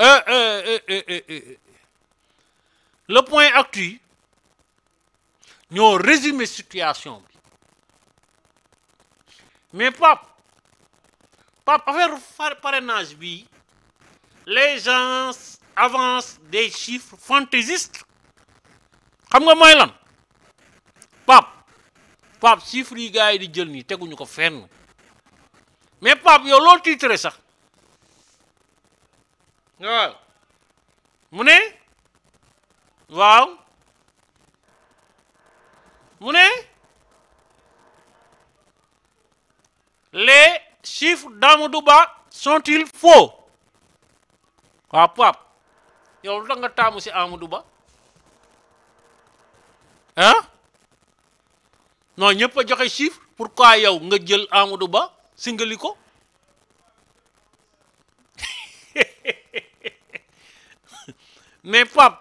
Euh, euh, euh, le point actuel résumons résumé situation mais Pape Pape affaire parrainage les gens avancent des chiffres fantaisistes Comme nga mooy lan Pape Pape chiffres yi gars sont di jël ils mais Pape yow waaw mu ne waaw les chiffres d'Amadouba sont-ils faux waaw Pape Yo, lu tax nga taamu si Amadou Ba ah non ñëpp a de chiffres. pourquoi yow nga jël Amadou Ba singali ko mais Pape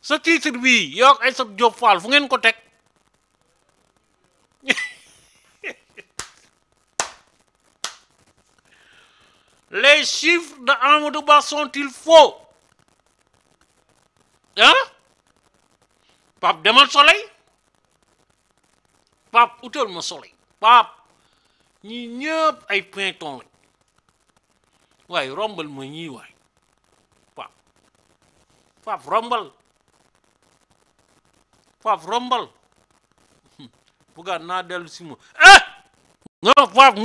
sa titre bii yow ak Aïssatou Diop Fall fu ngeen ko teg les chiffres de Amadou Ba sont-ils faux ah Pape demal soleil Pape utal ma soleil Pape ñi ñëpp ay printemps lañ waaye rombal ma ñii waay Pape rombal Pape rombal bugaan naa dellu si ma eh